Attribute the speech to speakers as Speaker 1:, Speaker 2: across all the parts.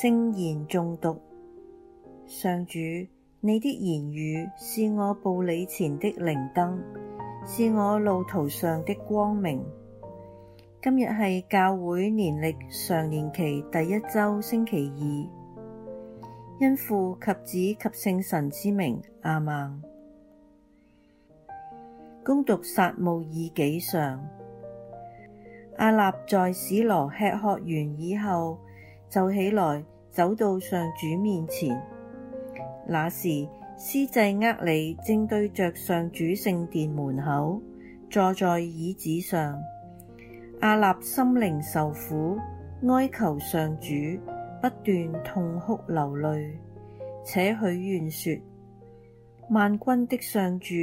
Speaker 1: 聖言誦讀。上主，你的言語是我步履前的靈燈，是我路途上的光明。今日係教會年曆常年期第一周星期二，因父及子及聖神之名，阿們。恭讀撒慕爾紀上，亞納在史羅吃喝完以後。就起來，走到上主面前。那時，司祭厄里正對着上主聖殿門口，坐在椅子上。亞納心靈愁苦，哀求上主，不斷痛哭流淚，且許願說：萬軍的上主，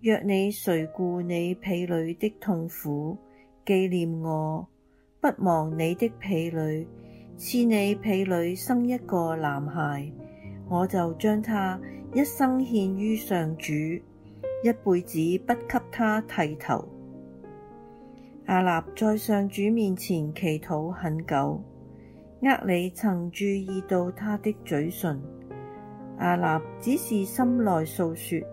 Speaker 1: 若你垂顧你婢女的痛苦，紀念我，不忘你的婢女。賜你婢女生一個男孩，我就將他一生獻於上主，一輩子不給他剃頭。亞納在上主面前祈禱很久，厄里曾注意到她的嘴唇。亞納只是心內訴說，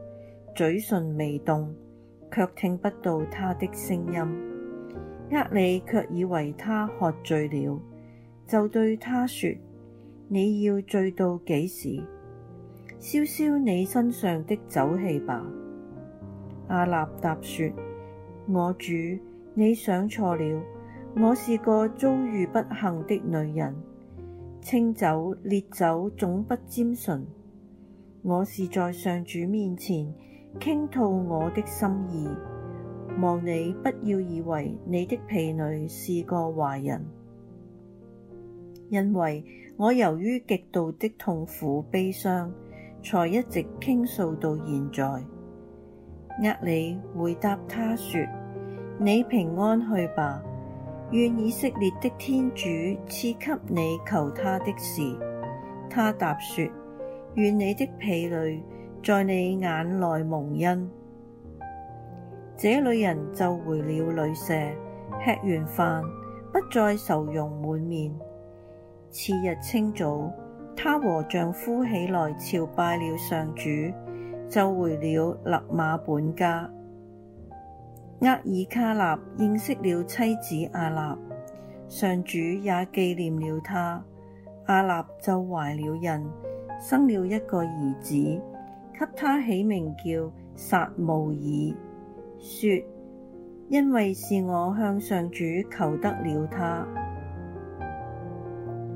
Speaker 1: 嘴唇微動，卻聽不到她的聲音。厄里卻以為她喝醉了。就對他說：你要醉到幾時？消消你身上的酒氣吧。亞納答說：我主，你想錯了，我是個遭遇不幸的女人。清酒烈酒總不沾唇，我是在上主面前傾吐我的心意。望你不要以為你的婢女是個壞人。因為我由於極度的痛苦悲傷，才一直傾訴到現在。厄里回答他說：你平安去吧，願以色列的天主賜給你求他的事。他答說：願你的婢女在你眼內蒙恩。這女人就回了旅舍，吃完飯，不再愁容滿面。次日清早，她和丈夫起來朝拜了上主，就回了辣瑪本家。厄耳卡納認識了妻子亞納，上主也紀念了他。亞納就懷了孕，生了一個兒子，給他起名叫撒慕爾，說：因為是我向上主求得了他。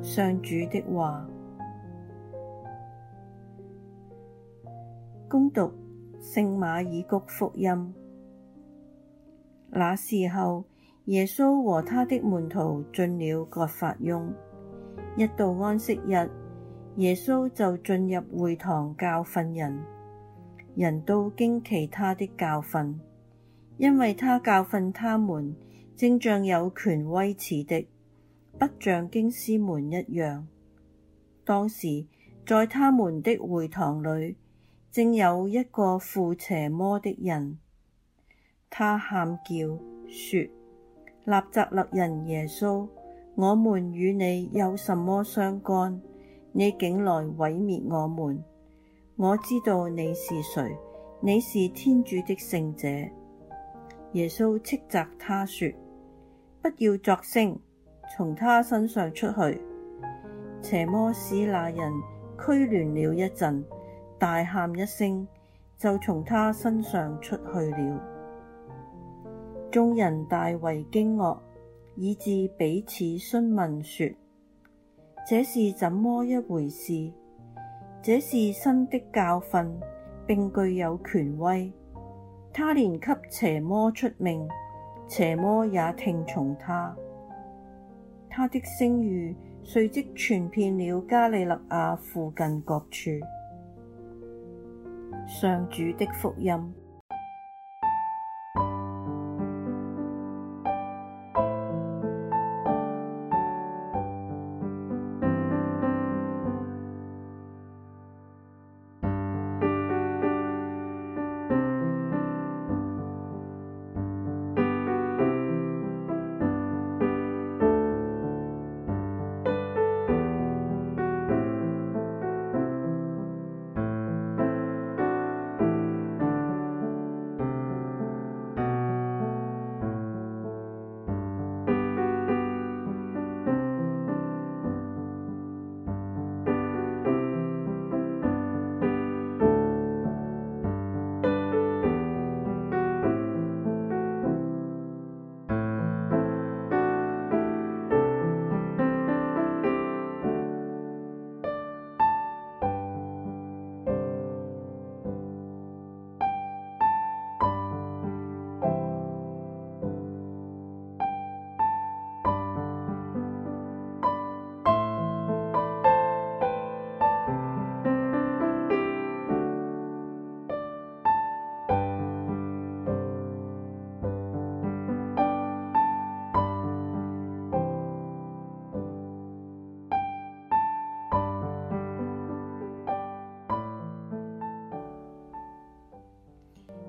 Speaker 1: 上主的話，恭讀聖馬爾谷福音。那時候，耶穌和他的門徒進了葛法翁。一到安息日，耶穌就進入會堂教訓人，人都驚奇他的教訓，因為他教訓他們，正像有權威似的。不像經師們一樣，當時在他們的會堂裏，正有一個附邪魔的人，他喊叫說，納匝肋人耶穌，我們與你有什麼相干？你竟來毀滅我們！我知道你是誰，你是天主的聖者。耶穌斥責他說：不要作聲！從他身上出去！邪魔使那人拘攣了一陣，大喊一聲，就從他身上出去了。眾人大為驚愕，以致彼此詢問說：這是怎麼一回事？這是新的教訓，並具有權威。他連給邪魔出命，邪魔也聽從他。他的聲譽隨即傳遍了加里肋亞附近各處，上主的福音。